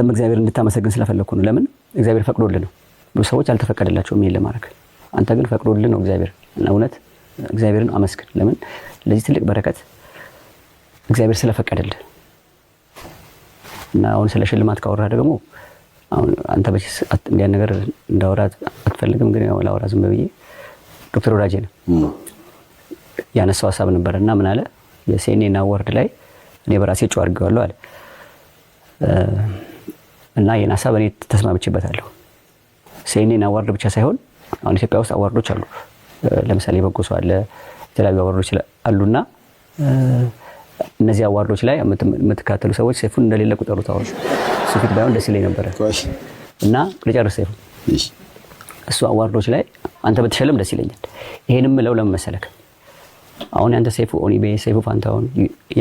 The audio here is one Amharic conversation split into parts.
ለምን እግዚአብሔር እንድታመሰግን ስለፈለግኩ ነው። ለምን እግዚአብሔር ፈቅዶልን ነው። ብዙ ሰዎች አልተፈቀደላቸውም ይሄን ለማድረግ። አንተ ግን ፈቅዶልን ነው እግዚአብሔር። እውነት እግዚአብሔርን አመስግን። ለምን ለዚህ ትልቅ በረከት እግዚአብሔር ስለፈቀደልን እና አሁን ስለ ሽልማት ካወራ ደግሞ አሁን አንተ በፊት እንዲያን ነገር እንዳወራ አትፈልግም፣ ግን ያው ላወራ ዝም ብዬ ዶክተር ወዳጄ ነው ያነሳው ሀሳብ ነበር እና ምን አለ የሴኔና ወርድ ላይ እኔ በራሴ እጩ አድርጌዋለሁ አለ እና ይህን ሀሳብ እኔ ሴኔን አዋርድ ብቻ ሳይሆን አሁን ኢትዮጵያ ውስጥ አዋርዶች አሉ። ለምሳሌ በጎ ሰው አለ፣ የተለያዩ አዋርዶች አሉና እነዚህ አዋርዶች ላይ የምትካተሉ ሰዎች ሰይፉን እንደሌለ ቁጠሩት። አሁን እሱ ፊት ባይሆን ደስ ይለኝ ነበረ እና ልጨርስ። ሰይፉ እሱ አዋርዶች ላይ አንተ በተሸለም ደስ ይለኛል። ይሄንም ምለው ለምን መሰለክ፣ አሁን ያንተ ሰይፉ ኦኒቤ፣ ሰይፉ ፋንታሁን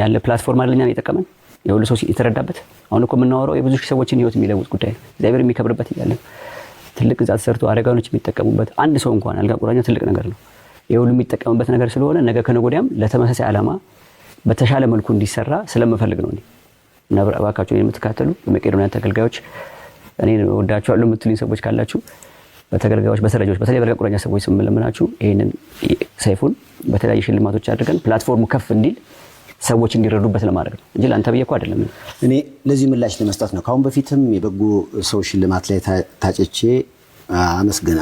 ያለ ፕላትፎርም አይደለኛ የጠቀመን የሁሉ ሰው የተረዳበት አሁን እኮ የምናወራው የብዙ ሺህ ሰዎችን ህይወት የሚለውጥ ጉዳይ ነው። እግዚአብሔር የሚከብርበት እያለ ትልቅ ህንጻ ተሰርቶ አረጋኖች የሚጠቀሙበት አንድ ሰው እንኳን አልጋ ቁራኛ ትልቅ ነገር ነው። ይህ ሁሉ የሚጠቀምበት ነገር ስለሆነ ነገ ከነገ ወዲያም ለተመሳሳይ ዓላማ በተሻለ መልኩ እንዲሰራ ስለምፈልግ ነው። እና እባካችሁ የምትካተሉ በመቄዶንያ ተገልጋዮች እኔ ወዳችኋለሁ የምትሉኝ ሰዎች ካላችሁ በተገልጋዮች በሰረጆች በተለይ በአልጋ ቁራኛ ሰዎች ስምለምናችሁ ይህንን ሰይፉን በተለያዩ ሽልማቶች አድርገን ፕላትፎርሙ ከፍ እንዲል ሰዎች እንዲረዱበት ለማድረግ ነው እንጂ ለአንተ ብዬ እኮ አይደለም። እኔ ለዚህ ምላሽ ለመስጠት ነው። ከአሁን በፊትም የበጎ ሰው ሽልማት ላይ ታጭቼ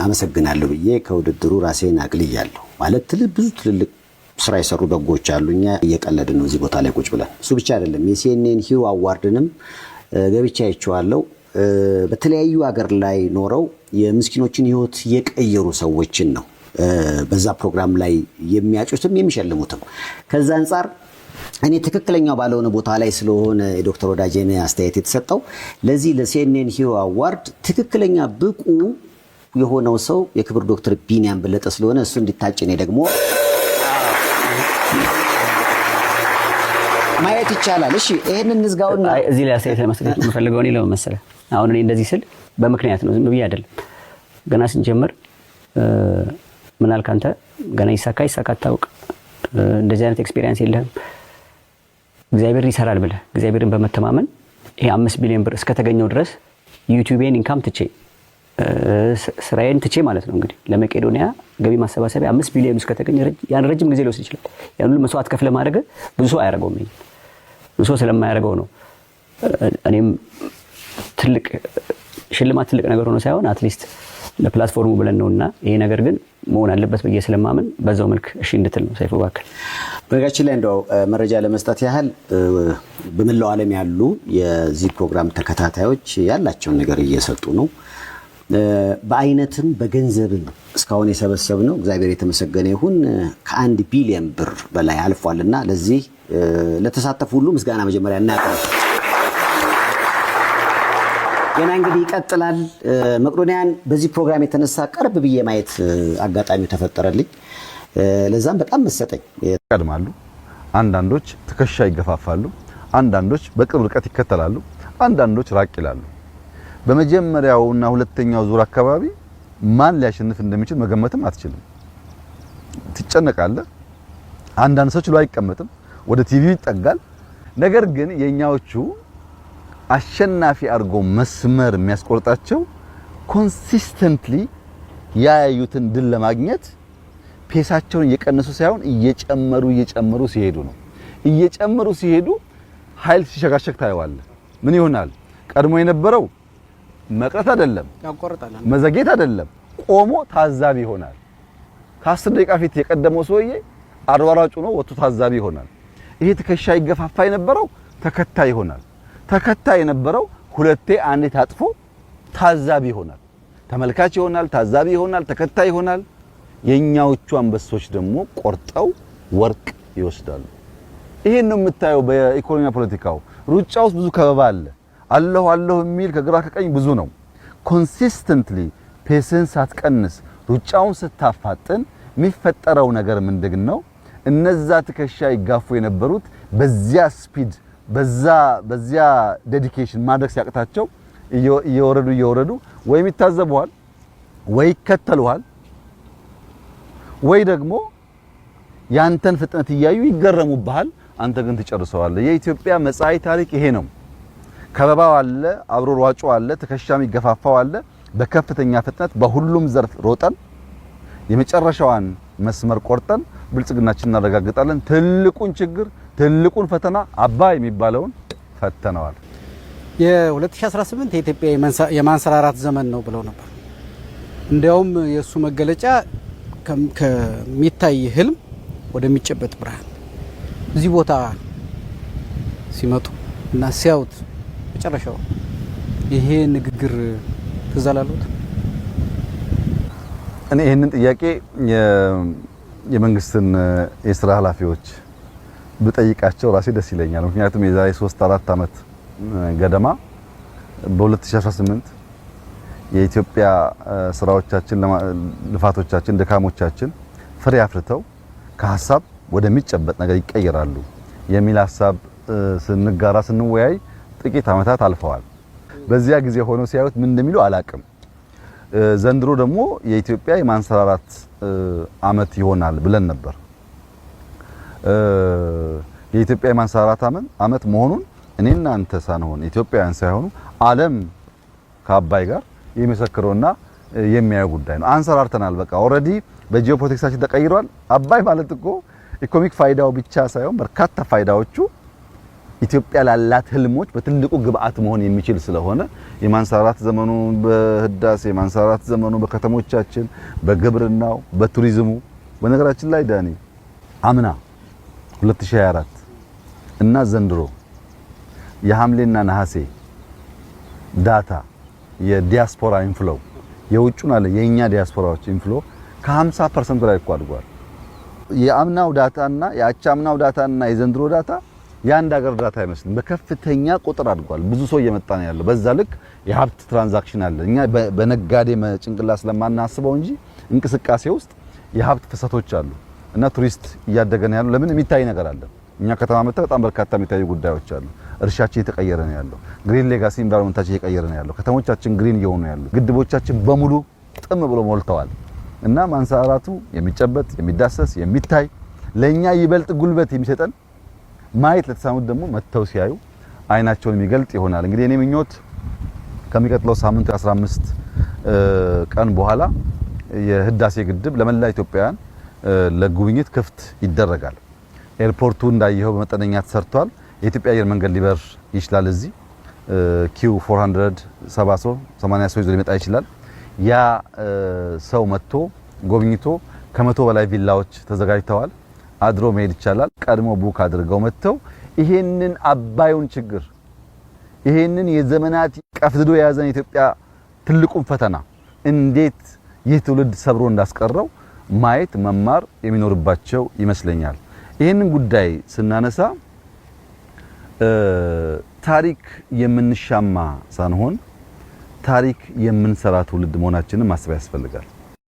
አመሰግናለሁ ብዬ ከውድድሩ ራሴን አግልያለሁ። ማለት ብዙ ትልልቅ ስራ የሰሩ በጎች አሉ። እኛ እየቀለድ ነው እዚህ ቦታ ላይ ቁጭ ብለን። እሱ ብቻ አይደለም የሲኤንኤን ሂሮ አዋርድንም ገብቻ አይቼዋለሁ። በተለያዩ ሀገር ላይ ኖረው የምስኪኖችን ህይወት የቀየሩ ሰዎችን ነው በዛ ፕሮግራም ላይ የሚያጩትም የሚሸልሙትም ከዛ አንጻር እኔ ትክክለኛው ባለሆነ ቦታ ላይ ስለሆነ የዶክተር ወዳጄን አስተያየት የተሰጠው ለዚህ ለሲኤንኤን ሂሮ አዋርድ ትክክለኛ ብቁ የሆነው ሰው የክብር ዶክተር ቢኒያም በለጠ ስለሆነ እሱ እንዲታጭ እኔ ደግሞ ማየት ይቻላል። እሺ ይህን ንዝጋውና እዚህ ላይ አስተያየት ለመስጠት የምፈልገው እኔ ለመመሰለህ አሁን እኔ እንደዚህ ስል በምክንያት ነው፣ ዝም ብዬ አይደለም። ገና ስንጀምር ምናልክ አንተ ገና ይሳካ ይሳካ አታውቅ፣ እንደዚህ አይነት ኤክስፔሪንስ የለህም እግዚአብሔርን ይሰራል ብለ እግዚአብሔርን በመተማመን ይሄ አምስት ቢሊዮን ብር እስከተገኘው ድረስ ዩቲዩቤን ኢንካም ትቼ ስራዬን ትቼ ማለት ነው እንግዲህ ለመቄዶንያ ገቢ ማሰባሰቢያ አምስት ቢሊዮን እስከተገኘ ያን ረጅም ጊዜ ሊወስድ ይችላል። ያን ሁሉ መስዋዕት ከፍለ ማድረግ ብዙ ሰው አያደርገውም። ብዙ ሰው ስለማያደርገው ነው እኔም ትልቅ ሽልማት ትልቅ ነገር ሆኖ ሳይሆን አትሊስት ለፕላትፎርሙ ብለን እና ይሄ ነገር ግን መሆን አለበት ብዬ ስለማምን በዛው መልክ እሺ እንድትል ነው። ሰይፉ እባክህ። በነገራችን ላይ እንደው መረጃ ለመስጠት ያህል በመላው ዓለም ያሉ የዚህ ፕሮግራም ተከታታዮች ያላቸውን ነገር እየሰጡ ነው። በአይነትም በገንዘብም እስካሁን የሰበሰብ ነው እግዚአብሔር የተመሰገነ ይሁን ከአንድ ቢሊየን ብር በላይ አልፏል እና ለዚህ ለተሳተፉ ሁሉ ምስጋና መጀመሪያ እናያቀርብ ገና እንግዲህ ይቀጥላል። መቅዶኒያን በዚህ ፕሮግራም የተነሳ ቀርብ ብዬ ማየት አጋጣሚው ተፈጠረልኝ። ለዛም በጣም መሰጠኝ። ይቀድማሉ፣ አንዳንዶች ትከሻ ይገፋፋሉ፣ አንዳንዶች በቅርብ ርቀት ይከተላሉ፣ አንዳንዶች ራቅ ይላሉ። በመጀመሪያውና ሁለተኛው ዙር አካባቢ ማን ሊያሸንፍ እንደሚችል መገመትም አትችልም። ትጨነቃለህ። አንዳንድ ሰው ችሎ አይቀመጥም፣ ወደ ቲቪው ይጠጋል። ነገር ግን የእኛዎቹ አሸናፊ አድርጎ መስመር የሚያስቆርጣቸው ኮንሲስተንትሊ ያያዩትን ድል ለማግኘት ፔሳቸውን እየቀነሱ ሳይሆን እየጨመሩ እየጨመሩ ሲሄዱ ነው። እየጨመሩ ሲሄዱ ኃይል ሲሸጋሸግ ታየዋለህ። ምን ይሆናል? ቀድሞ የነበረው መቅረት አይደለም፣ መዘጌት አይደለም፣ ቆሞ ታዛቢ ይሆናል። ከአስር ደቂቃ ፊት የቀደመው ሰውዬ አሯሯጭ ነው፣ ወጥቶ ታዛቢ ይሆናል። ይሄ ትከሻ ይገፋፋ የነበረው ተከታይ ይሆናል። ተከታይ የነበረው ሁለቴ አንዴ ታጥፎ ታዛቢ ይሆናል። ተመልካች ይሆናል፣ ታዛቢ ይሆናል፣ ተከታይ ይሆናል። የኛዎቹ አንበሶች ደግሞ ቆርጠው ወርቅ ይወስዳሉ። ይሄን ነው የምታየው። በኢኮኖሚያ ፖለቲካው ሩጫ ውስጥ ብዙ ከበባ አለ። አለሁ አለሁ የሚል ከግራ ከቀኝ ብዙ ነው። ኮንሲስተንትሊ ፔስን ሳትቀንስ ሩጫውን ስታፋጥን የሚፈጠረው ነገር ምንድን ነው? እነዛ ትከሻ ይጋፉ የነበሩት በዚያ ስፒድ በዛ በዚያ ዴዲኬሽን ማድረግ ሲያቅታቸው እየወረዱ እየወረዱ ወይም ይታዘቡሃል፣ ወይ ይከተሉሃል፣ ወይ ደግሞ ያንተን ፍጥነት እያዩ ይገረሙብሃል። አንተ ግን ትጨርሰዋለህ። የኢትዮጵያ መጻኢ ታሪክ ይሄ ነው። ከበባው አለ፣ አብሮ ሯጩ አለ፣ ትከሻም ይገፋፋው አለ። በከፍተኛ ፍጥነት በሁሉም ዘርፍ ሮጠን የመጨረሻዋን መስመር ቆርጠን ብልጽግናችን እናረጋግጣለን። ትልቁን ችግር ትልቁን ፈተና አባ የሚባለውን ፈተነዋል። የ2018 የኢትዮጵያ የማንሰራራት ዘመን ነው ብለው ነበር። እንዲያውም የእሱ መገለጫ ከሚታይ ህልም ወደሚጨበጥ ብርሃን እዚህ ቦታ ሲመጡ እና ሲያዩት መጨረሻው ይሄ ንግግር ትዝ አላሉት። እኔ ይህንን ጥያቄ የመንግስትን የስራ ኃላፊዎች ብጠይቃቸው ራሴ ደስ ይለኛል። ምክንያቱም የዛሬ 3 4 ዓመት ገደማ በ2018 የኢትዮጵያ ስራዎቻችን፣ ልፋቶቻችን፣ ድካሞቻችን ፍሬ አፍርተው ከሀሳብ ወደሚጨበጥ ነገር ይቀየራሉ የሚል ሀሳብ ስንጋራ ስንወያይ ጥቂት ዓመታት አልፈዋል። በዚያ ጊዜ ሆኖ ሲያዩት ምን እንደሚሉ አላቅም። ዘንድሮ ደግሞ የኢትዮጵያ የማንሰራራት ዓመት ይሆናል ብለን ነበር። የኢትዮጵያ የማንሰራራት አመት መሆኑን እኔ እናንተ ሳንሆን ኢትዮጵያውያን ሳይሆኑ ዓለም ከአባይ ጋር የሚመሰክረውና የሚያየው ጉዳይ ነው። አንሰራርተናል። በቃ ኦልሬዲ በጂኦ ተቀይሯል። አባይ ማለት እኮ ኢኮኖሚክ ፋይዳው ብቻ ሳይሆን በርካታ ፋይዳዎቹ ኢትዮጵያ ላላት ህልሞች በትልቁ ግብአት መሆን የሚችል ስለሆነ የማንሰራራት ዘመኑ በህዳሴ የማንሰራራት ዘመኑ በከተሞቻችን፣ በግብርናው፣ በቱሪዝሙ በነገራችን ላይ ዳኒ አምና 2024 እና ዘንድሮ የሐምሌና ነሐሴ ዳታ የዲያስፖራ ኢንፍሎ የውጭን አለ የእኛ ዲያስፖራዎች ኢንፍሎ ከ50 ላይ እኮ አድጓል። የአምናው ዳታና አምናው ዳታና የዘንድሮ ዳታ የአንድ ሀገር ዳታ አይመስልም። በከፍተኛ ቁጥር አድጓል። ብዙ ሰው እየመጣ ነው ያለው። በዛ ልክ የሀብት ትራንዛክሽን አለ። እኛ በነጋዴ ጭንቅላ ስለማናስበው እንጂ እንቅስቃሴ ውስጥ የሀብት ፍሰቶች አሉ። እና ቱሪስት እያደገ ነው ያለው። ለምን የሚታይ ነገር አለ። እኛ ከተማ መጣ በጣም በርካታ የሚታዩ ጉዳዮች አሉ። እርሻችን እየተቀየረ ነው ያለው። ግሪን ሌጋሲ ኢንቫይሮንመንታችን እየቀየረ ነው ያለው። ከተሞቻችን ግሪን እየሆኑ ነው ያለው። ግድቦቻችን በሙሉ ጥም ብሎ ሞልተዋል። እና ማንሰራራቱ የሚጨበጥ የሚዳሰስ የሚታይ ለኛ ይበልጥ ጉልበት የሚሰጠን ማየት ለተሳሙት ደግሞ መጥተው ሲያዩ አይናቸውን የሚገልጥ ይሆናል። እንግዲህ እኔ ምኞት ከሚቀጥለው ሳምንት 15 ቀን በኋላ የህዳሴ ግድብ ለመላ ኢትዮጵያውያን ለጉብኝት ክፍት ይደረጋል። ኤርፖርቱ እንዳየኸው በመጠነኛ ተሰርቷል። የኢትዮጵያ አየር መንገድ ሊበር ይችላል። እዚህ ኪው 400 70 ሰው 80 ሰው ይዞ ሊመጣ ይችላል። ያ ሰው መጥቶ ጎብኝቶ ከመቶ በላይ ቪላዎች ተዘጋጅተዋል። አድሮ መሄድ ይቻላል። ቀድሞ ቡክ አድርገው መጥተው ይሄንን አባዩን ችግር ይሄንን የዘመናት ቀፍድዶ የያዘን የኢትዮጵያ ትልቁን ፈተና እንዴት ይህ ትውልድ ሰብሮ እንዳስቀረው ማየት መማር የሚኖርባቸው ይመስለኛል። ይህንን ጉዳይ ስናነሳ ታሪክ የምንሻማ ሳንሆን ታሪክ የምንሰራ ትውልድ መሆናችንን ማሰብ ያስፈልጋል።